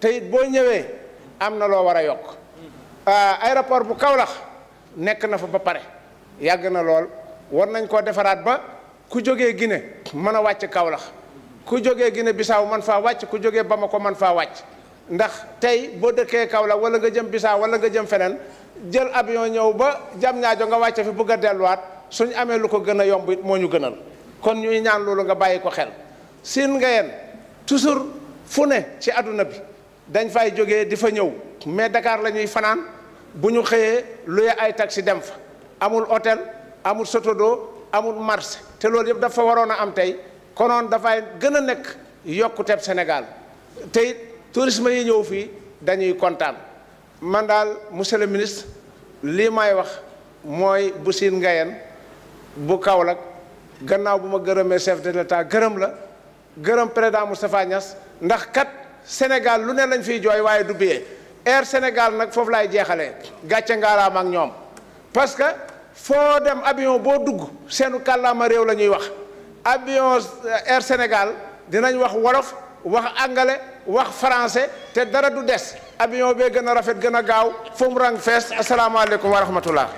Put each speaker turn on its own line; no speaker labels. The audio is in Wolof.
te it boo ñëwee am na loo war a yokk ah, aéroport bu Kaolack nekk na fa ba pare yàgg na lool war nañ koo defaraat ba ku jógee Guinée mën a wàcc Kaolack ku jógee Guinée Bissau man faa wàcc ku jógee ko man faa wàcc ndax tey boo dëkkee Kaolack wala nga jëm Bissau wala nga jëm feneen jël avion ñëw ba jam ñaajo nga wàcce fi bëgg a delluwaat suñ amee lu ko gën a yomb moo ñu gënal kon ñuy ñaan loolu nga bàyyi ko xel siin nga yeen toujours fu ne ci àdduna bi dañ fay jógee di fa ñëw mais dakaar la ñuy fanaan bu ñu xëyee luye ay taxi dem fa amul hôtel amul sotodo amul marché te loolu yëpp dafa waroon a am tey konoon dafay gën a nekk yokkuteb senegal tey tourisme yi ñëw fii dañuy kontaan man daal monsieur le ministre lii may wax mooy bu siin ngayen bu Kaolack gannaaw bu ma gërëmee chef de l'État gërëm la gërëm président Moustapha Niass ndax kat Sénégal lu ne lañ fi jooy waaye du billet Air Sénégal nag foofu laay jeexalee gàcce ngaaraam ak ñoom parce que foo dem avion boo dugg seenu kàllaama réew la ñuy wax avion euh, Air Sénégal dinañ wax wolof wax angale wax français te dara du des avion bee gën a rafet gën a gaaw fu mu rang fees asalaamaaleykum wa rahmatullah